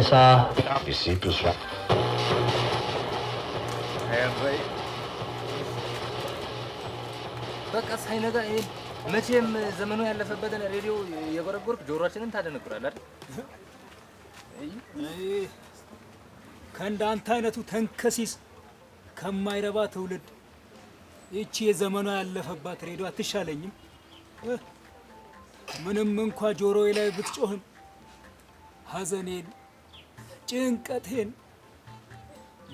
esa. Discípulos. በቃ ሳይነጋ መቼም ዘመኑ ያለፈበትን ሬዲዮ የጎረጎርክ ጆሮአችንን ታደነቁራለህ። ከእንዳንተ አይነቱ ተንከሲስ ከማይረባ ትውልድ ይቺ የዘመኗ ያለፈባት ሬዲዮ አትሻለኝም። ምንም እንኳ ጆሮዬ ላይ ብትጮህም ሐዘኔን ጭንቀቴን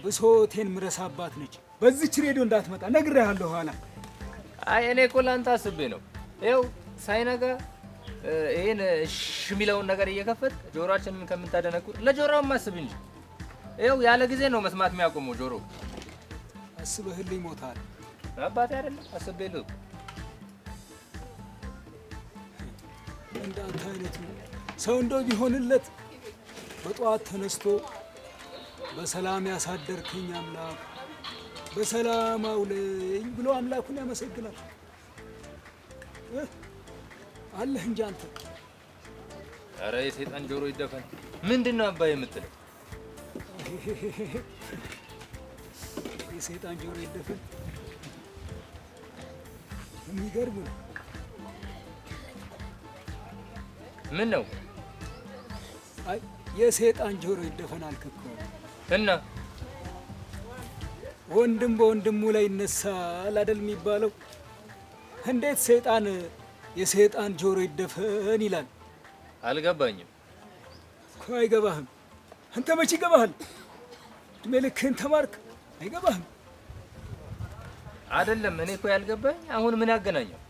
ብሶቴን ምረሳባት ነች። በዚች ሬዲዮ እንዳትመጣ ነግሬሃለሁ። ኋላ አይ እኔ እኮ ላንተ አስቤ ነው። ይኸው ሳይነጋ ይህን ሽሚለውን ነገር እየከፈት ጆሮአችንን ከምታደነቁት ለጆሮውም አስብ እንጂ ይኸው ያለ ጊዜ ነው መስማት የሚያቆመው ጆሮ። አስበህልኝ ሞታል አባቴ አይደለም አስቤልህ እንዳንተ አይነት ሰው እንደው ቢሆንለት በጠዋት ተነስቶ በሰላም ያሳደርከኝ አምላክ በሰላም አውለኝ ብሎ አምላኩን ያመሰግናል። አለህ እንጂ አንተ። ኧረ የሰይጣን ጆሮ ይደፈን። ምንድን ነው አባ የምትለው? የሰይጣን ጆሮ ይደፈን። የሚገርም ነው። ምን ነው? አይ የሴጣን ጆሮ ይደፈናል እኮ እና ወንድም በወንድሙ ላይ ይነሳል አይደል የሚባለው? እንዴት ሴጣን የሴጣን ጆሮ ይደፈን ይላል? አልገባኝም እኮ። አይገባህም? አንተ መቼ ይገባሃል? እድሜ ልክህን ተማርክ፣ አይገባህም አይደለም። እኔ እኮ ያልገባኝ አሁን ምን ያገናኘው?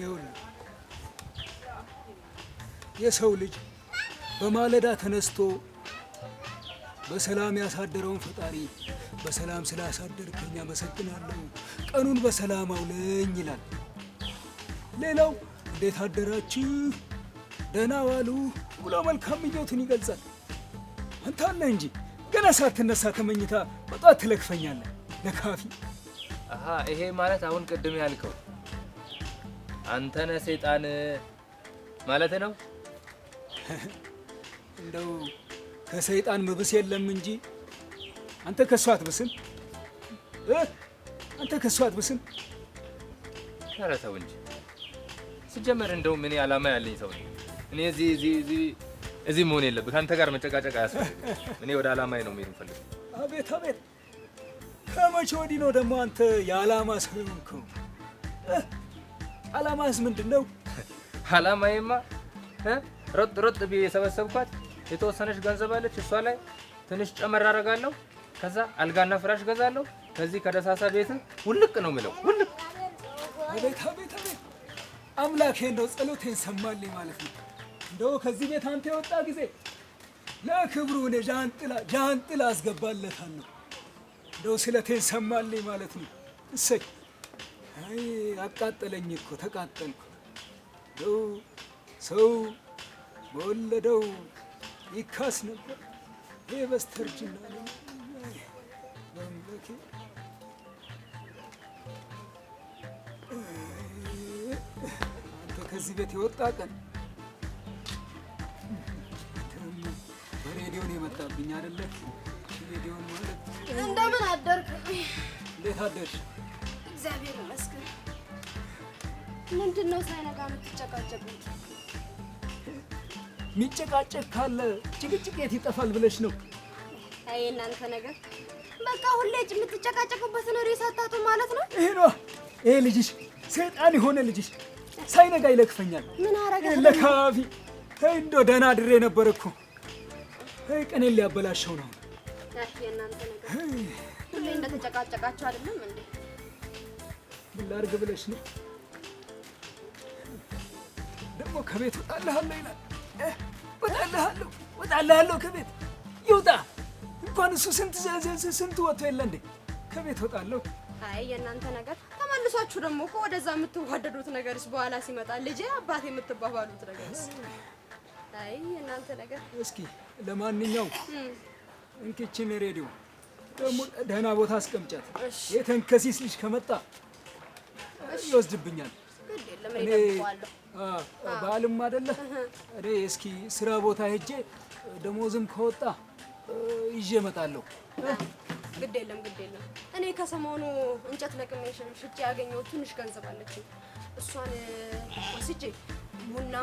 ይኸውልህ የሰው ልጅ በማለዳ ተነስቶ በሰላም ያሳደረውን ፈጣሪ በሰላም ስላሳደርከኝ አመሰግናለሁ፣ ቀኑን በሰላም አውለኝ ይላል። ሌላው እንዴት አደራችሁ፣ ደህና ዋሉ ብሎ መልካም ምኞትን ይገልጻል። አንተ እንጂ ገና ሳትነሳ ከመኝታ በጣት ትለክፈኛለህ። ለካፊ አሀ፣ ይሄ ማለት አሁን ቅድም ያልከው አንተነ ሴጣን ማለት ነው። እንደው ከሰይጣን መብስ የለም እንጂ አንተ ከሷ አትብስም። አንተ ከሷ አትብስም። ኧረ ተው እንጂ ስጀመር እንደው ምን ዓላማ ያለኝ ሰው ነኝ እኔ። እዚህ እዚህ እዚህ እዚህ መሆን የለብህ። ከአንተ ጋር መጨቃጨቅ አያስፈልግም። እኔ ወደ ዓላማዬ ነው የምሄድ የምፈልገው። አቤት አቤት! ከመቼ ወዲህ ነው ደግሞ አንተ የዓላማ ሰው የሆንከው? ዓላማስ ምንድን ነው? ዓላማዬማ ሮጥ ሮጥ ብዬ የሰበሰብኳት የተወሰነች ገንዘብ አለች። እሷ ላይ ትንሽ ጨመር አደርጋለሁ። ከዛ አልጋና ፍራሽ ገዛለሁ። ከዚህ ከደሳሳ ቤት ውልቅ ነው ምለው ውልቅ። አቤት አቤት አቤት! አምላኬ እንደው ጸሎቴን ሰማልኝ ማለት ነው። እንደው ከዚህ ቤት አንተ የወጣ ጊዜ ለክብሩ እኔ ጃንጥላ ጃንጥላ አስገባለታለሁ። እንደው ስለቴን ሰማልኝ ማለት ነው። እሰይ! አይ አቃጠለኝ እኮ ተቃጠልኩ። እንደው ሰው በወለደው ይካስ ነበር። ይህ በስተርጅና ነው። አንተ ከዚህ ቤት የወጣ ቀን በሬዲዮን የመጣብኝ አይደለም። ሬዲዮን ማለት እንደምን አደርክ? እንዴት አደርሽ? እግዚአብሔር ይመስገን። ምንድን ነው ሳይነጋ የምትጨቃጨቁት? ሚጨቃጨቅ ካለ ጭቅጭቅ የት ይጠፋል ብለሽ ነው? አይ እናንተ ነገር በቃ ሁሌ የምትጨቃጨቁበት ነው ሬሳታቱ ማለት ነው። ይሄ ነው ይሄ ልጅሽ ሰይጣን የሆነ ልጅሽ ሳይነጋ ይለክፈኛል። ምን አረጋ ለካፊ እንዶ ደህና ድሬ ነበር እኮ ቀኔን ሊያበላሸው ነው። የእናንተ ነገር ሁሌ እንደተጨቃጨቃችሁ አይደለም እንዴ? ምን ላድርግ ብለሽ ነው ደግሞ ከቤት ወጣልሃለሁ ይላል። ወጣልሃለሁ ወጣልሃለሁ ከቤት ይውጣ። እንኳን እሱ ስንት ስንት ወጥቶ የለ እንዴ ከቤት ወጣለሁ። አይ የእናንተ ነገር ተመልሷችሁ ደግሞ እኮ ወደዛ የምትዋደዱት ነገርስ በኋላ ሲመጣ ልጄ አባት የምትባባሉት ነገርስ። አይ የእናንተ ነገር። እስኪ ለማንኛው እንክችን ሬዲዮ ደግሞ ደህና ቦታ አስቀምጫት። የተንከሲስ ልጅ ከመጣ ይወስድብኛል። እኔ በዓልም አይደለ እኔ እስኪ ስራ ቦታ ሄጄ ደሞዝም ከወጣ ይዤ እመጣለሁ። ግድ የለም ግድ የለም። እኔ ከሰሞኑ እንጨት ለቅሜ ሽጬ ያገኘው ትንሽ ገንዘብ አለች እሷን ወስጄ ቡና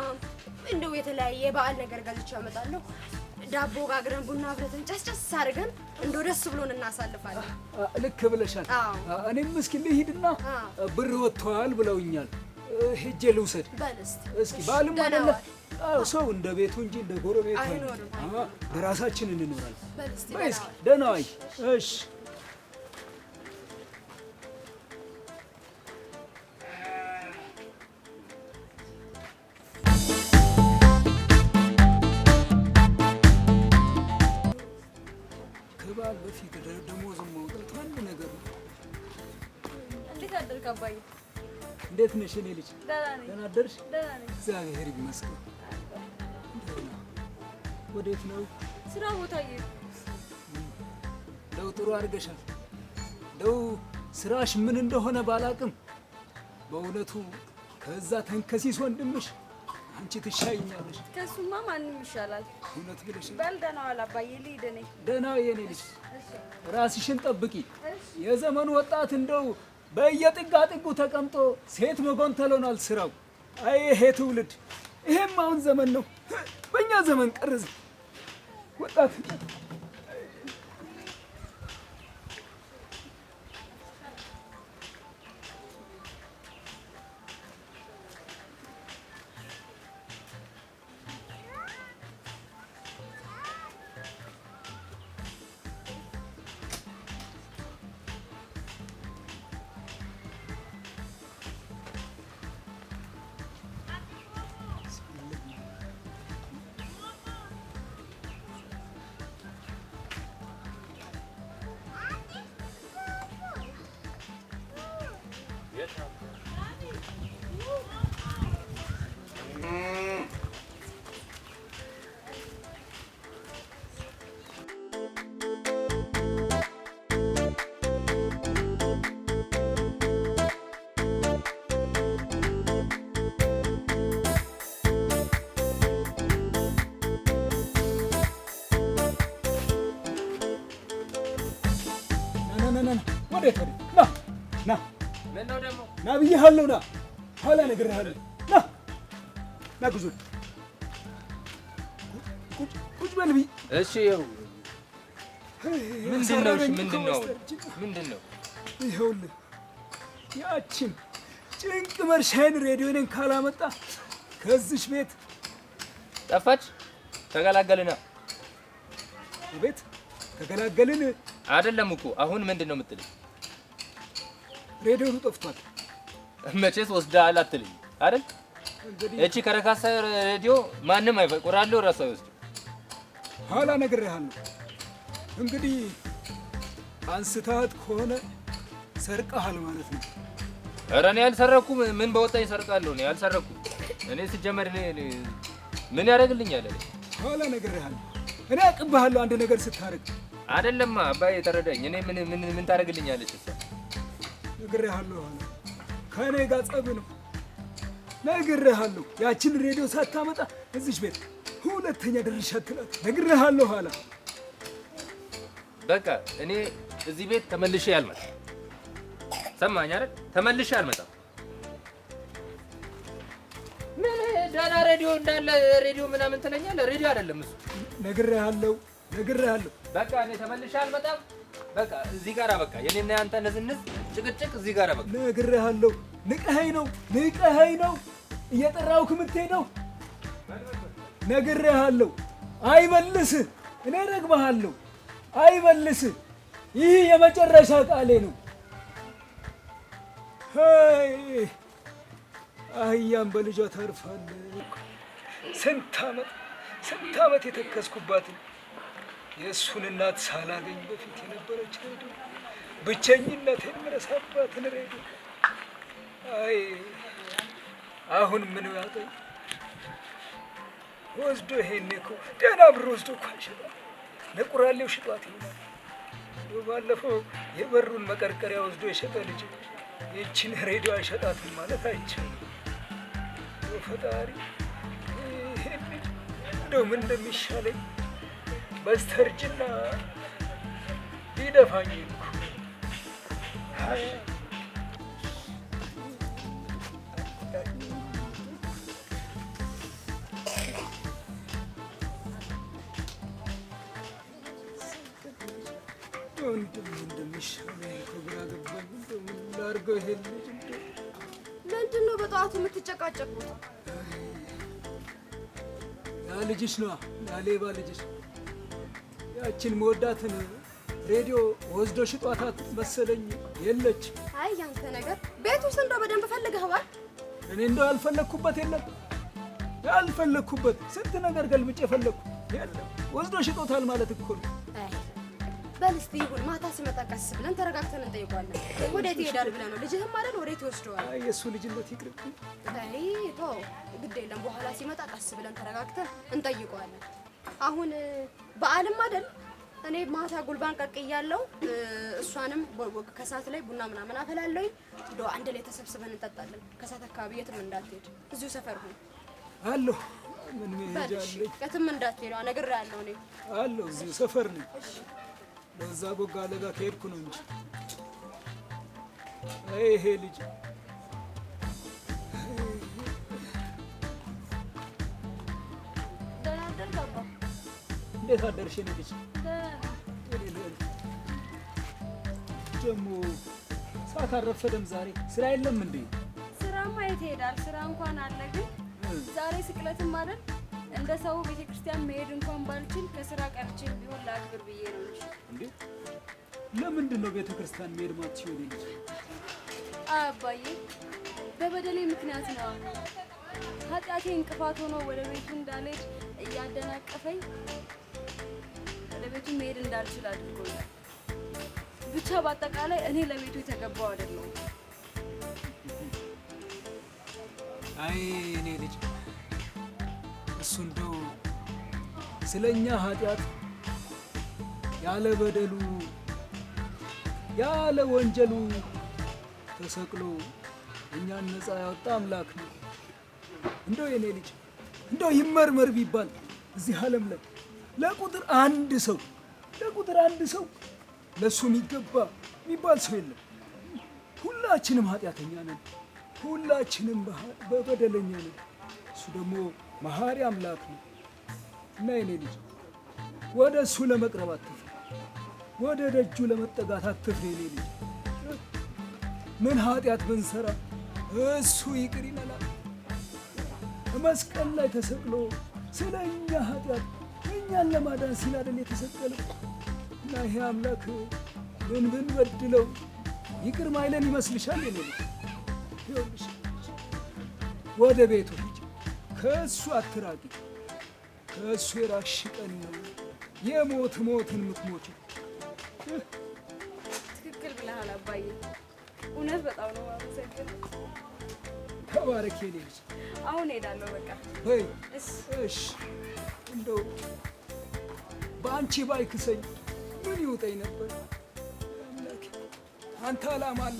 እንደው የተለያየ የበዓል ነገር ገዝቼ አመጣለሁ። ዳቦ ጋግረን ቡና አፍልተን ጨስጨስ አድርገን እንደ ደስ ብሎን እናሳልፋለን። ልክ ብለሻል። እኔም እስኪ ልሂድና ብር ወጥተዋል ብለውኛል። ሂጄ ልውሰድ እስኪ። ባልም አይደለ ሰው እንደ ቤቱ እንጂ እንደ ጎረቤቱ በራሳችን እንኖራለን። በይ እስኪ ደህና ዋይ። እሺ ከባል በፊት ደሞዝ ማውጣት አንድ ነገር ነው። እንዴት አደርክ አባዬ? እንዴት ነሽ የኔ ልጅ? ደህና አደርሽ? እግዚአብሔር ይመስገን። ወዴት ነው? ስራ ቦታ እንደው ጥሩ አድርገሻል። እንደው ስራሽ ምን እንደሆነ ባላቅም በእውነቱ ከዛ ተንከሲስ ወንድምሽ አንቺ ትሻይኛለሽ። ከሱማ ማንም ይሻላል። እውነት ብለሽ በል። ደህና ዋል አባዬ፣ ልሂድ እኔ። ደህና የኔ ልጅ፣ ራስሽን ጠብቂ። የዘመኑ ወጣት እንደው በየጥጋ ጥጉ ተቀምጦ ሴት መጎንተል ሆኗል ስራው። አይ ይሄ ትውልድ! ይሄም አሁን ዘመን ነው፣ በእኛ ዘመን ቀርዝ ወጣት bedroom. ና ብዬሃለሁ። ና ኋላ እነግርሃለሁ። ና ና፣ ጉዞ ቁጭ በል ብዬ እሺ። ይኸው ምንድን ነው? ምንድን ነው? ምንድን ነው? ይኸውልህ ያችን ጭንቅ መርሻዬን ሬዲዮኔን ካላመጣ ከዚሽ ቤት ጠፋች። ተገላገልን። ቤት ተገላገልን አይደለም እኮ አሁን ምንድን ነው የምትልኝ? ሬዲዮኑ ጠፍቷል። መቼስ ወስደሃል አትልኝ አይደል? እቺ ከረካሳ ሬዲዮ ማንም አይፈቁራለሁ ራሱ አይወስድ። ኋላ ነግሬሃለሁ። እንግዲህ አንስታት ከሆነ ሰርቀሃል ማለት ነው። ኧረ እኔ አልሰረኩም። ምን በወጣኝ ሰርቃለሁ? እኔ አልሰረኩም። እኔ ስጀመር ምን ያደርግልኛል? ኋላ ነግሬሃለሁ። እኔ አቅብሃለሁ አንድ ነገር ስታደርግ አይደለም አባዬ ተረዳኝ። እኔ ምን ምን ምን ታደርግልኛለች? ነግሬሃለሁ። ሆነ ከእኔ ጋር ጸብ ነው ነግሬሃለሁ። ያችን ሬዲዮ ሳታመጣ እዚች ቤት ሁለተኛ ድርሻ ትላት ነግሬሃለሁ። ኋላ በቃ እኔ እዚህ ቤት ተመልሼ አልመጣም። ሰማኸኝ አይደል? ተመልሼ አልመጣም። ምን ደህና ሬዲዮ እንዳለ ሬዲዮ ምናምን ትለኛለህ። ሬዲዮ አይደለም እሱ። ነግሬሃለሁ፣ ነግሬሃለሁ። በቃ እኔ ተመልሼ አልመጣም። በቃ እዚህ ጋር በቃ የኔና ያንተ ነዝንዝ ጭቅጭቅ እዚህ ጋር በቃ ነግሬሃለሁ። ንቀኸኝ ነው ንቀኸኝ ነው እየጠራሁህ ነው ነግሬሃለሁ። አይመልስ እኔ ረግመሃለሁ። አይመልስ ይህ የመጨረሻ ቃሌ ነው። አህያም በልጇ ታርፋለች። ስንት ዓመት ስንት ዓመት የተከስኩባትን የእሱን እናት ሳላገኝ በፊት የነበረች ሄዱ ብቸኝነት የምረሳባትን ሬዲዮ አይ አሁን ምን ያጠኝ ወስዶ ይሄን እኮ ደህና ብር ወስዶ እኮ አልሸጠም። ነቁራሌው ሽጧት ይሆናል። ባለፈው የበሩን መቀርቀሪያ ወስዶ የሸጠ ልጅ ይችን ሬዲዮ አይሸጣትም ማለት አይቻልም። ፈጣሪ ይሄን እንደው ምን እንደሚሻለኝ በስተርጅና ይደፋኝ። ወንድም እንደሚሻለኝ ግራ ገባኝ። ላድርገው ይሄ ምንድን ነው በጠዋቱ የምትጨቃጨቁት? ያ ልጅሽ ነዋ፣ ያ ሌባ ልጅሽ ያችን መወዳትን ሬዲዮ ወስዶ ሽጧታት መሰለኝ የለች። አይ ያንተ ነገር ቤት ውስጥ እንደው በደንብ ፈልገኸዋል። እኔ እንደው ያልፈለግኩበት የለም ያልፈለግኩበት ስንት ነገር ገልብጬ የፈለግኩ የለም። ወስዶ ሽጦታል ማለት እኮ ነው። በልስቲ ይሁን፣ ማታ ሲመጣ ቀስ ብለን ተረጋግተን እንጠይቋለን። ወዴት ይሄዳል ብለህ ነው? ልጅህም አይደል? ወዴት ይወስደዋል? አይ የእሱ ልጅነት ይቅርብ። በይ ግድ የለም። በኋላ ሲመጣ ቀስ ብለን ተረጋግተን እንጠይቀዋለን። አሁን በዓልም አይደል እኔ ማታ ጉልባን ቀቅያለሁ። እሷንም ከሰዓት ላይ ቡና ምናምን አፈላለሁኝ። እንደው አንድ ላይ ተሰብስበን እንጠጣለን። ከሰዓት አካባቢ የትም እንዳትሄድ፣ እዚሁ ሰፈር ሁን አለሁ። ምን መሄጃለኝ? የትም እንዳትሄድ ነግሬሃለሁ። እኔ አለሁ፣ እዚሁ ሰፈር ነኝ። በዛ ቦጋ ለጋ ከሄድኩ ነው እንጂ ይሄ ልጅ እንዴት አደርሽ ልጅ ደግሞ ሰዓት አረፈደም። ዛሬ ስራ የለም እንዴ? ስራማ የት ይሄዳል? ስራ እንኳን አለ፣ ግን ዛሬ ስቅለትም አይደል? እንደ ሰው ቤተክርስቲያን መሄድ እንኳን ባልችል ከስራ ቀርቼ ቢሆን ለአክብር ብዬ ነው እንጂ። እንዴ ለምንድን ነው ቤተክርስቲያን መሄድ ማትችል? እንጂ አባዬ በበደሌ ምክንያት ነው። ኃጢአቴ እንቅፋት ሆኖ ወደ ቤቱ እንዳልሄድ እያደናቀፈኝ ወደ ቤቱ መሄድ እንዳልችል አድርጎኛል። ብቻ በአጠቃላይ እኔ ለቤቱ የተገባው አይደለሁም። አይ እኔ ልጅ እሱ እንደው ስለ እኛ ኃጢአት ያለ በደሉ ያለ ወንጀሉ ተሰቅሎ እኛን ነፃ ያወጣ አምላክ ነው። እንደው የኔ ልጅ እንደው ይመርመር ቢባል እዚህ ዓለም ላይ ለቁጥር አንድ ሰው ለቁጥር አንድ ሰው ለእሱ የሚገባ የሚባል ሰው የለም። ሁላችንም ኃጢአተኛ ነን። ሁላችንም በበደለኛ ነን። እሱ ደግሞ መሐሪ አምላክ ነው እና የኔ ልጅ ወደ እሱ ለመቅረብ አትፍሪ፣ ወደ ደጁ ለመጠጋት አትፍሪ። የኔ ልጅ ምን ኃጢአት ብንሰራ እሱ ይቅር ይመላል። መስቀል ላይ ተሰቅሎ ስለ እኛ ኃጢአት እኛን ለማዳን ሲል አይደል የተሰቀለው። እና ይሄ አምላክ ምን ምን በድለው ይቅር ማይለን ይመስልሻል? የሚል ወደ ቤቱ ልጅ ከእሱ አትራቂ፣ ከእሱ የራሽ ቀን ነው የሞት ሞትን ምትሞች። ትክክል ብለሃል አባዬ፣ እውነት በጣም ነው አመሰግናለሁ። ተባረክ የኔ ልጅ። አሁን ሄዳለሁ በቃ። እሺ እንደው በአንቺ ባይክሰኝ ምን ይውጠኝ ነበር? አንተ አላማ አለ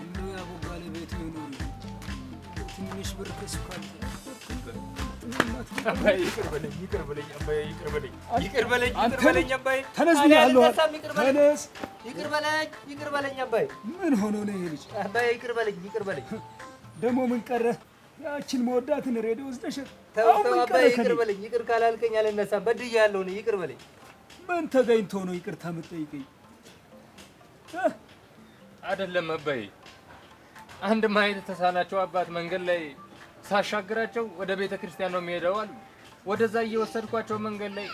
እንዶ ያቦጋለ ቤት ይኖር ትንሽ ብር ከስኳል ምን ሆኖ ነው ይሄ ልጅ? ደግሞ ምን ቀረ? ያችን መወዳትን ሬዲዮ ወስደሽ ተው ተው፣ አባዬ ይቅር በለኝ። ይቅር ካላልከኝ አልነሳም። በድዬ ያለውን ይቅር በለኝ። ምን ተገኝቶ ነው ይቅርታ የምጠይቀኝ? አይደለም አባዬ፣ አንድ ማየት ተሳናቸው አባት መንገድ ላይ ሳሻግራቸው ወደ ቤተ ክርስቲያን ነው የሚሄደው አሉ። ወደዛ እየወሰድኳቸው መንገድ ላይ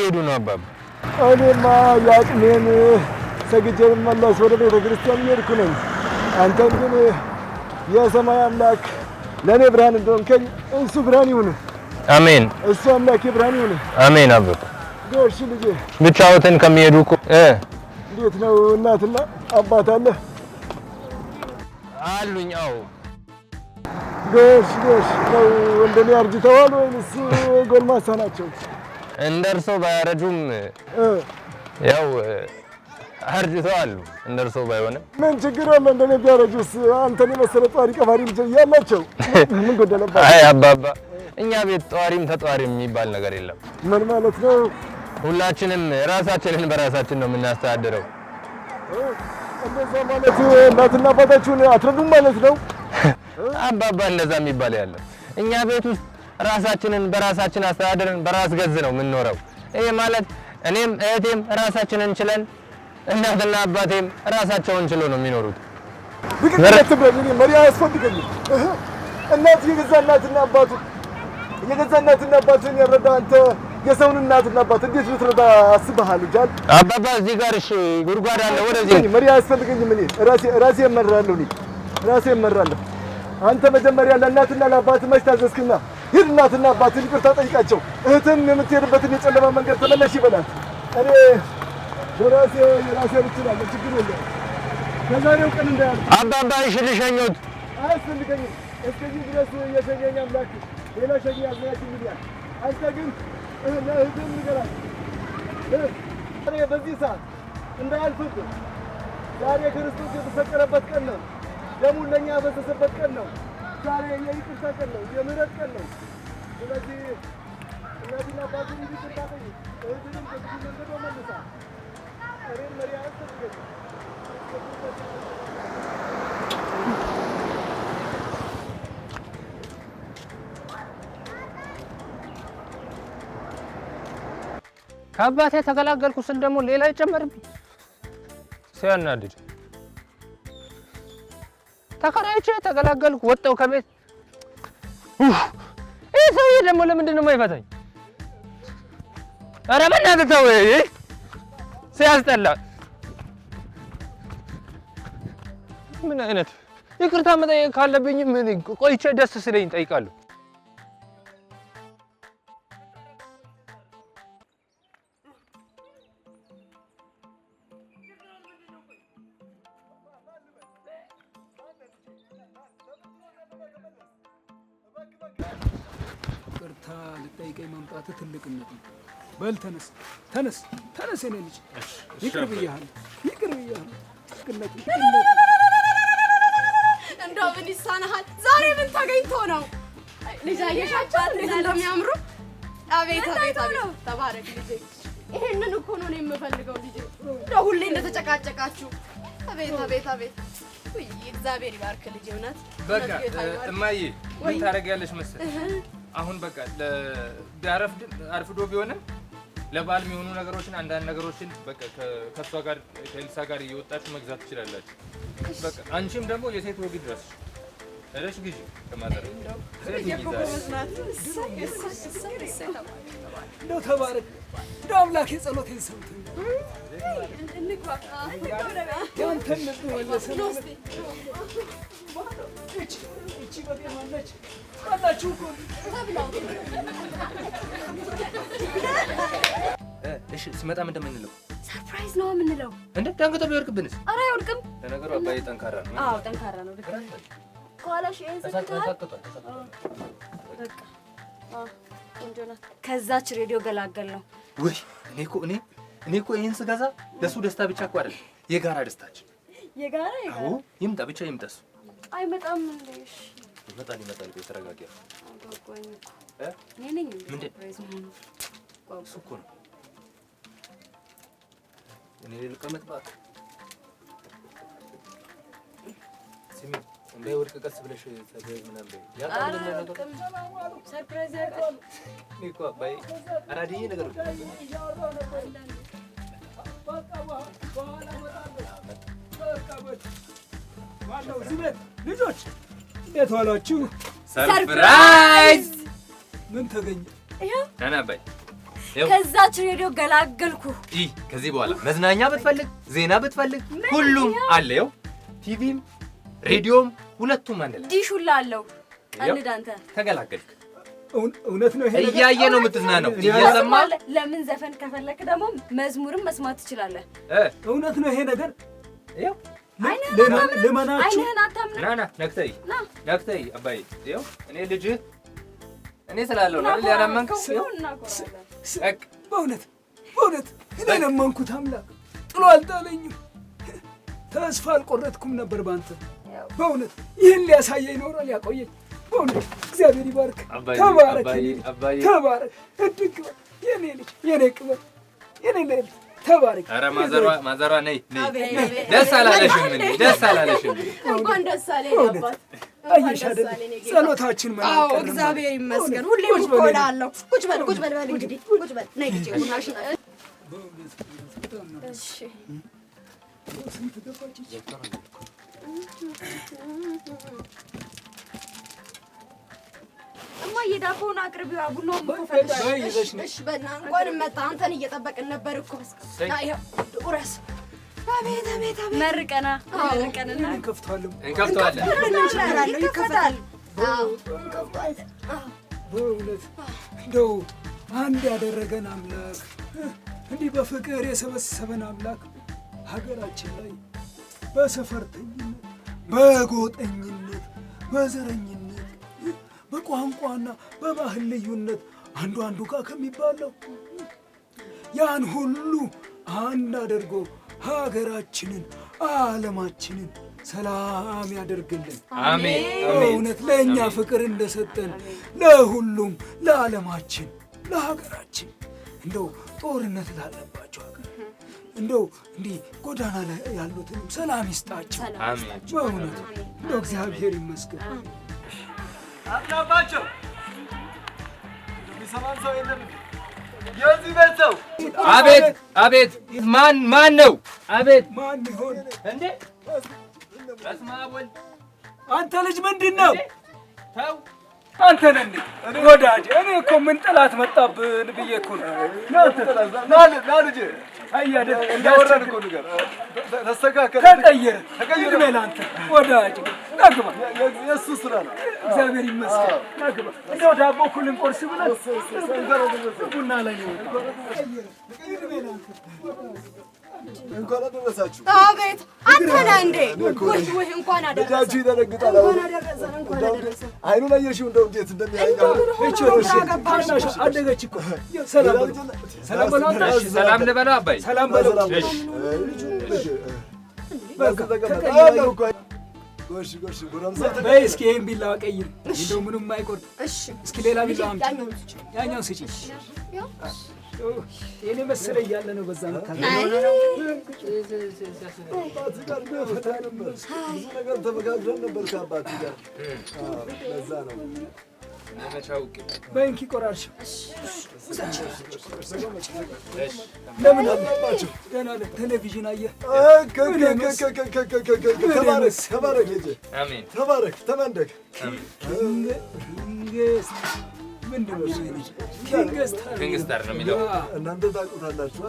ሄዱ ነው አባባ። እኔማ ያቅሜን ሰግጄ ብመለስ ወደ ቤተ ክርስቲያን እየሄድኩ ነኝ። አንተን ግን የሰማይ አምላክ ለእኔ ብርሃን እንደሆንከኝ እሱ ብርሃን ይሁን። አሜን። እሱ አምላክ ብርሃን ይሁን። አሜን አባ ደርሽ ልጄ ብቻዎትን ከሚሄዱ እኮ እንዴት ነው? እናትና አባት አለ አሉኝ። አዎ ደርሽ ደርሽ ነው። ወንድሜ አርጅተዋል ወይስ ጎልማሳ ናቸው? እንደርሶ ባያረጁም ያው አርጅተዋል። እንደርሶ ባይሆንም ምን ችግር አለ? እንደኔ ቢያረጁስ? አንተን የመሰለ ጧሪ ቀፋሪ ልጅ እያላቸው ምን ጎደለባ አይ አባባ፣ እኛ ቤት ጧሪም ተጧሪም የሚባል ነገር የለም። ምን ማለት ነው? ሁላችንም ራሳችንን በራሳችን ነው የምናስተዳድረው። እንደዛ ማለቱ እናትና አባታችሁን አትረዱም ማለት ነው? አባባ እንደዛ የሚባል ያለ እኛ ቤት ውስጥ ራሳችንን በራሳችን አስተዳደርን በራስ ገዝ ነው የምንኖረው። ይሄ ማለት እኔም እህቴም ራሳችንን ችለን እናትና አባቴም ራሳቸውን ችሎ ነው የሚኖሩት። መሪ አያስፈልገኝም። እናት የገዛ እናትና አባቱ የገዛ እናትና አባቱን ያረዳ አንተ የሰውን እናትና አባት እንዴት ልትረዳ አስበሃል? ጃል አባባ እዚህ ጋር እሺ፣ ጉድጓድ አለ። ወደዚህ መሪ አያስፈልገኝም። እኔ ራሴ ራሴ እመራለሁ። እኔ ራሴ እመራለሁ። አንተ መጀመሪያ ለእናትና ለአባት መች ታዘዝክና፣ ሂድ እናትና አባትን ይቅርታ ጠይቃቸው። እህትን የምትሄድበትን የጨለማ መንገድ ተመለሽ ይበላት። እኔ ራሴ ራሴ ልችላለሁ። ችግር የለም። ከዛሬው ቀን እንዳያል አባባ እሺ፣ ልሸኘሁት። አያስፈልገኝም። እስከዚህ ድረስ የሸኘኝ አምላክ ሌላ ሸኝ አዝናያችን ይላል። አንተ ግን ለህዝብ ንገራል። በዚህ ሰዓት እንዳያልፍብን። ዛሬ ክርስቶስ የተሰቀለበት ቀን ነው። ደሙን ለእኛ ያፈሰሰበት ቀን ነው። ዛሬ የይቅርታ ቀን ነው፣ የምህረት ቀን ነው። ስለዚህ እናትና አባቱ ይቅር ታጠይ እህትንም በብዙ መንገድ መልሳ እኔም መሪ አያስፈልገኝ ከአባቴ ተገላገልኩ ስል ደግሞ ሌላ ይጨመርብኝ። ሲያናድድ ተከራይቼ ተገላገልኩ፣ ወጣው ከቤት። ይህ ሰውዬ ደግሞ ለምንድን ነው የማይፈታኝ? ኧረ በእናትህ ተው፣ ሲያስጠላ። ምን አይነት ይቅርታ መጠየቅ ካለብኝም ቆይቼ ደስ ስለኝ እጠይቃለሁ። በል ተነስ ተነስ ተነስ፣ የኔ ልጅ ይቅር ብያለሁ፣ ይቅር ብያለሁ። ቅነት እንደው ምን ይሳናሃል? ዛሬ ምን ተገኝቶ ነው? ልጅ አየሻቸው እንዴት እንደሚያምሩ አቤት አቤት አቤት! ተባረክ ልጄ። ይሄንን እኮ ነው ነው የምፈልገው ልጅ፣ እንደው ሁሌ እንደተጨቃጨቃችሁ። አቤት አቤት አቤት! ውይ እግዚአብሔር ይባርክ ልጄ። እውነት በቃ እማዬ ምን ታደርጊያለሽ መሰለሽ አሁን በቃ አርፍዶ ቢሆንም ለበዓል የሚሆኑ ነገሮችን አንዳንድ ነገሮችን በቃ ከእሷ ጋር ከኤልሳ ጋር እየወጣችሁ መግዛት ትችላላችሁ። አንቺም ደግሞ የሴት ወግ ድረስ ለሽ ግዢ ከማዘር እንደው ተባረክ። እንደው አምላክ የጸሎት ሰምቶ ያንተን ልብ መለሰ። አላችሁ እኮ እሺ። ስመጣ ምንድን የምንለው? ሰርፕራይዝ ነው የምንለው። እንደ ዳንገት ቢወድቅብንስ? ኧረ አይወድቅም። ለነገሩ አባዬ ጠንካራ ነው። አዎ ጠንካራ ነው። ከዛች ሬዲዮ ገላገል ነው ወይ? እኔ እኮ እኔ እኔ እኮ ይሄን ስገዛ ለሱ ደስታ ብቻ እኮ አይደለም፣ የጋራ ደስታችን የጋራ የጋራ። ይምጣ ብቻ ይምጣ። እሱ አይመጣም እንዴ? እሺ ይመጣል ይመጣል። ቆይ ተረጋጋ። ነው። እንዳይወድቅ ቀስ ብለሽ ልጆች እንዴት ዋላችሁ? ሰርፕራይዝ! ምን ተገኘ? ደህና በይ። ከዛች ሬዲዮ ገላገልኩ። ይህ ከዚህ በኋላ መዝናኛ ብትፈልግ፣ ዜና ብትፈልግ ሁሉም አለ። ይኸው ቲቪም ሬዲዮም ሁለቱም አንድ ላይ ዲሽ አለው። ቀልድ አንተ ተገላገልክ። እውነት ነው። ይሄ እያየ ነው የምትዝናነው፣ እየሰማ ለምን ዘፈን ከፈለክ ደግሞ መዝሙርም መስማት ትችላለህ። እውነት ነው ይሄ ነገር ልመናችሁ እኔ ልጅህ በእውነት እኔ ለመንኩት አምላክ ጥሎ አልጣለኝም። ተስፋ አልቆረጥኩም ነበር በአንተ በእውነት ይህን ሊያሳየ ይኖራል ያቆየኝ። በእውነት እግዚአብሔር ይባርክ። ተባረክ ተባረክ። እድግ የኔ ልጅ የኔ ቅበል የኔ ልጅ ተባረክ። ኧረ ማዘሯ ማዘሯ ነይ ነይ። ደስ አላለሽም እንዴ? ደስ አላለሽም እንኳን ደስ አለኝ አባት። አየሽ አይደል ጸሎታችን ማለት አዎ እግዚአብሔር ይመስገን። ሁሌም ቁጭ በላለሁ። ቁጭ በል ቁጭ በል ቁጭ በል ነይ ግጭ ቁናሽ። እሺ እማዬ ዳቦውን አቅርቢው። እሺ፣ በእናትህ አንተን እየጠበቅን ነበር እኮ ቁረስ። አቤት አቤት አቤት፣ መርቀና መርቀንና እንከፍተዋለን፣ እንከፍተዋለን፣ ይከፈታል። በእውነት እንደው አንድ ያደረገን አምላክ እንዲህ በፍቅር የሰበሰበን አምላክ ሀገራችን ላይ በሰፈርተኝነት፣ በጎጠኝነት፣ በዘረኝነት በቋንቋና በባህል ልዩነት አንዱ አንዱ ጋር ከሚባለው ያን ሁሉ አንድ አድርጎ ሀገራችንን ዓለማችንን ሰላም ያደርግልን። አሜን። በእውነት ለእኛ ፍቅር እንደሰጠን ለሁሉም ለዓለማችን ለሀገራችን እንደው ጦርነት ላለባቸው ሀገር እንደው እንዲህ ጎዳና ላይ ያሉትንም ሰላም ይስጣቸው። በእውነት እንደው እግዚአብሔር ይመስገን። አቅናባቸው የሚሰማን ሰው የለም። የዚህ ቤት ሰው አቤት፣ አቤት፣ ማን ማን ነው? አቤት፣ ማን ይሆን እንዴ? በስመ አብ ወልድ። አንተ ልጅ ምንድን ነው? ተው አንተ ነህ ወዳጅ። እኔ እኮ ምን ጠላት መጣብን ብዬ እኮ ነው። ና ልጄ ተቀየረ። እድሜ ለአንተ ወዳጅ ናግባ፣ የእሱ ስራ ነው። እግዚአብሔር ይመስገን። ናግባ እንደው ዳቦ እኩል እንቆርስ ብለን ቡና ላይ እንኳን አደረሳችሁ። አቤት አንተ ነህ እንዴ? እንኳን አደረሰ። ሰላም በለው። በይ እስኪ ይህን ቢላዋ ቀይር፣ እንደው ምንም አይቆርጥ። እስኪ ሌላ ቢላዋ አምጪ፣ ስጪ። የእኔ መሰለ እያለ ነው በዛ መካከል በእንኪ ቆራርሽ ለምን አለባቸው? ገና ነህ? ቴሌቪዥን አየህ? ተባረክ፣ ተመንደግ። እናንተ ታውቁታላችሁ።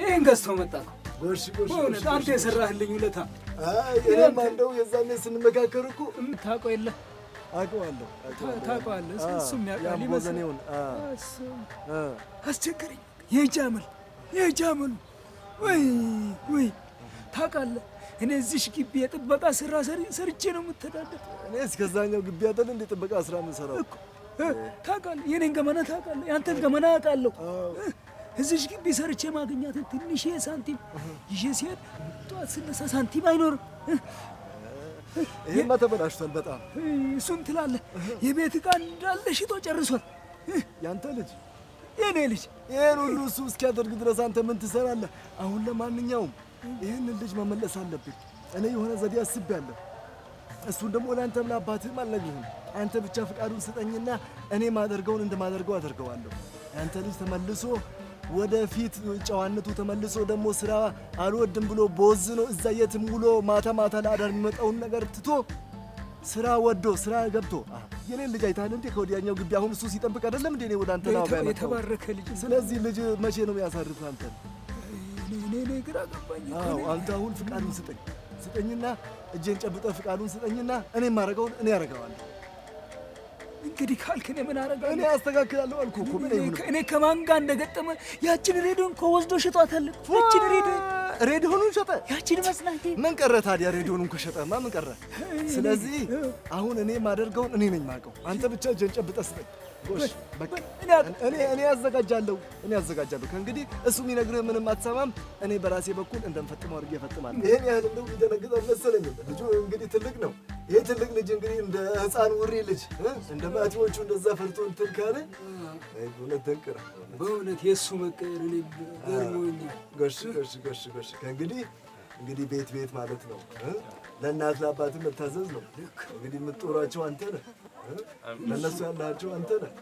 ይህን ገዝተው መጣ። በእውነት አንተ የሰራህልኝ ውለታ። እኔማ እንደው የዛኔ ስንመካከር እኮ የምታውቀው የለ አውቀዋለሁ ታውቀዋለህ። እሱ የሚያውቀዋል ይመስል አስቸገረኝ። የጃመል የጃመሉ ወይ ወይ ታውቃለህ፣ እኔ እዚህ ግቢ የጥበቃ ስራ ሰርቼ ነው የምተዳደር። እኔ እስከዛኛው ግቢ አይደል እንደ ጥበቃ ስራ የምንሰራው። ታውቃለህ፣ የእኔን ገመና ታውቃለህ፣ የአንተን ገመና አውቃለሁ። እዚህ ግቢ ሰርቼ ማግኛት ትንሽ ሳንቲም ይዤ ሲሄድ ጠዋት ስነሳ ሳንቲም አይኖርም። ይሄማ ተበላሽቷል በጣም እሱን ትላለህ። የቤት ዕቃ እንዳለ ሽጦ ጨርሷል። ያንተ ልጅ የኔ ልጅ ይህን ሁሉ እሱ እስኪያደርግ ድረስ አንተ ምን ትሰራለህ? አሁን ለማንኛውም ይህንን ልጅ መመለስ አለብኝ እኔ የሆነ ዘዴ አስቤያለሁ። እሱን ደግሞ ለአንተም ለአባትህም አልነግርህም። አንተ ብቻ ፍቃዱን ስጠኝና እኔ ማደርገውን እንደማደርገው አደርገዋለሁ። ያንተ ልጅ ተመልሶ ወደፊት ጨዋነቱ ተመልሶ ደግሞ ስራ አልወድም ብሎ ነው እዛ የትም ውሎ ማታ ማታ ለአዳር የሚመጣውን ነገር ትቶ ስራ ወዶ ስራ ገብቶ የኔ ልጅ አይታል እንዴ? ከወዲያኛው ግቢ አሁን እሱ ሲጠብቅ አይደለም እንዴ? ወደ አንተ ነው ያመጣው። የተባረከ ልጅ። ስለዚህ ልጅ መቼ ነው የሚያሳርፍ? አንተ እኔ ግራ ገባኝ። አንተ አሁን ፍቃዱን ስጠኝ ስጠኝና፣ እጄን ጨብጠ ፍቃዱን ስጠኝና እኔ ማረገውን እኔ ያረገዋለሁ። እንግዲህ ካልክ እኔ ምን አደርጋለሁ? እኔ አስተካክላለሁ አልኩ እኮ እኔ ከማን ጋር እንደገጠመ ያችን ሬዲዮን እኮ ወስዶ ሸጧታል። ያችን ሬዲዮ ሬዲዮኑን ሸጠ። ያችን መስናቴ ምን ቀረ ታዲያ? ሬዲዮኑን ከሸጠማ ምን ቀረ? ስለዚህ አሁን እኔ የማደርገውን እኔ ነኝ የማውቀው። አንተ ብቻ እጄን ጨብጠህ ስጠኝ። እኔ አዘጋጃለሁ እኔ ያዘጋጃለሁ። ከእንግዲህ እሱ የሚነግርህ ምንም አትሰማም። እኔ በራሴ በኩል እንደምፈጥመው አድርጌ እፈጥማለሁ። ይህን ያህል እንደው ይደነግጣል መሰለኝ። ልጁ እንግዲህ ትልቅ ነው። ይህ ትልቅ ልጅ እንግዲህ እንደ ሕፃን ውሪ ልጅ እንደ ማቲዎቹ እንደዛ ፈርቶ እንትን ካለ በእውነት ደንቅራ በእውነት የእሱ መቀየር እኔ ገርሞኛል። ጎሽ ጎሽ ጎሽ ጎሽ ከእንግዲህ እንግዲህ ቤት ቤት ማለት ነው። ለእናት ለአባትም መታዘዝ ነው። እንግዲህ የምትጦሯቸው አንተ ነህ። ለእነሱ ያላቸው አንተ ነህ።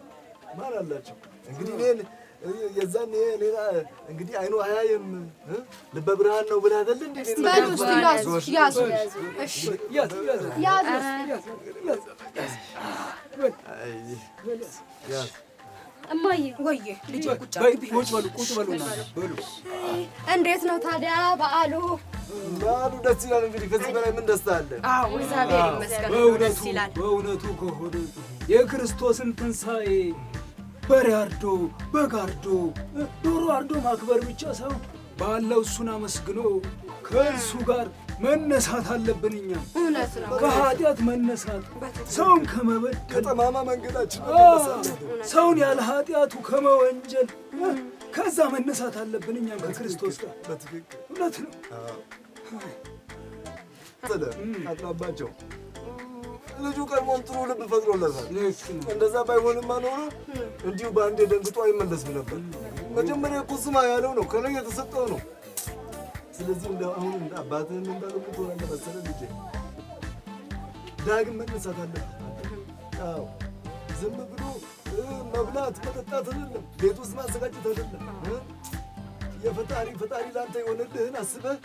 ማን አላቸው እንግዲህ እኔን የዛን ሌላ እንግዲህ አይኑ አያይም ልበ ብርሃን ነው ብለህ አይደል እንዴ? እማዬ ወዬ ልጄ ቁጭ በሉ። እንዴት ነው ታዲያ በዓሉ? ማሉ ደስ ይላል። እንግዲህ ከዚህ በላይ ምን ደስታ አለ? በእውነቱ ከሆነ የክርስቶስን ትንሣኤ በሬ አርዶ በግ አርዶ ዶሮ አርዶ ማክበር ብቻ ሳይሆን ባለው እሱን አመስግኖ ከእሱ ጋር መነሳት አለብን። እኛ ከኃጢአት መነሳት ሰውን ከመበል ከጠማማ መንገዳችን ሰውን ያለ ኃጢአቱ ከመወንጀል ከዛ መነሳት አለብን እኛም ከክርስቶስ ጋር። በትክክል እውነት ነው። ጥለ አጥራባቸው ልጁ ቀድሞም ጥሩ ልብ ፈጥሮለታል። እንደዛ ባይሆንም ኖሮ እንዲሁ በአንዴ ደንግጦ አይመለስም ነበር። መጀመሪያ እኮ ስማ ያለው ነው፣ ከላይ የተሰጠው ነው። ስለዚህ እንደ አሁን አባትህን እንዳለው ትሆናለህ መሰለህ ልጄ፣ ዳግም መነሳት አለብን። ዝም ብሎ መብላት መጠጣት አይደለም፣ ቤት ውስጥ ማዘጋጀት አይደለም። የፈጣሪ ፈጣሪ ላንተ የሆነልህን አስበህ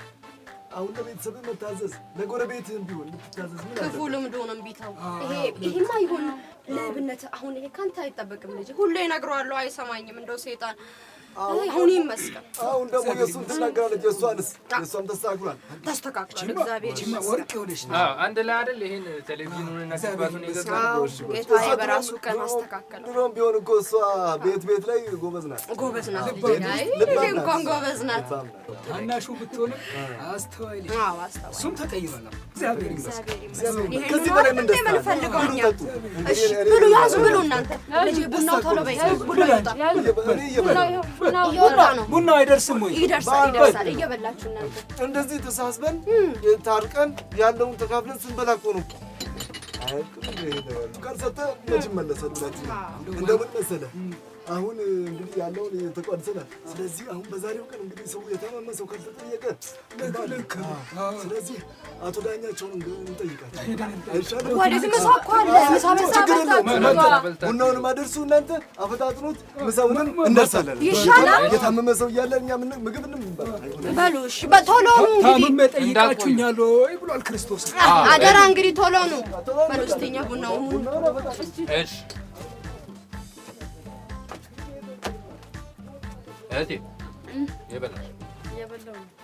አሁን ለቤተሰብ መታዘዝ ለጎረቤትህም ቢሆን ልትታዘዝ ምን አለ? ክፉ ልምዶ ነው ቢታው ይሄ ይሄማ ይሁን ለብነት አሁን ይሄ ካንተ አይጠበቅም ልጅ ሁሌ እነግረዋለሁ አይሰማኝም እንደው ሰይጣን አሁን ይመስገን። አሁን ደግሞ የእሱን ትናገራለች። የእሷንስ የእሷም ተስተካክሏል፣ ተስተካክሏል። እግዚአብሔር ወርቅ የሆነች አንድ ላይ አይደል? ይህን ቴሌቪዥኑንና ሲባቱን ጌታዬ በራሱ ቀን አስተካከለ። ድሮም ቢሆን እኮ እሷ ቤት ቤት ላይ ጎበዝ ናት፣ ጎበዝ ናት፣ እንኳን ጎበዝ ናት። ታናሹ ብትሆንም አስተዋይ እሱም ተቀይሯል። እግዚአብሔር ይመስገን። ከዚህ በላይ ምን ደስታ ብሉ፣ ያዙ፣ ብሉ እናንተ ልጅ ቡናው ቶሎ በይ፣ ቡና ይውጣ ቡና አይደርስም ወይ? ይደርሳል። ይደርሳል። እየበላችሁ እናንተ እንደዚህ ተሳስበን ታርቀን ያለውን ተካፍለን ስንበላ እኮ ነው። ቀን ሰተህ መች መለሰ? እንደምን መሰለህ አሁን እንግዲህ ያለውን ተቋድሰናል። ስለዚህ አሁን በዛሬው ቀን እንግዲህ ሰው የታመመ ሰው ካልተጠየቀ ልክ ስለዚህ አቶ ዳኛቸውን እንጠይቃለን። አደርሱ እናንተ አፈጣጥኑት። ምሳውንም እንደርሳለን። ይሻላል። የታመመ ሰው እያለ እኛ ምግብ ታመመ ጠይቃችሁኛል ወይ ብሏል ክርስቶስ። አደራ እንግዲህ ቶሎ ነው በሉ። እስኪ እኛ ቡናውን هاتي يا بلاش يا بلاش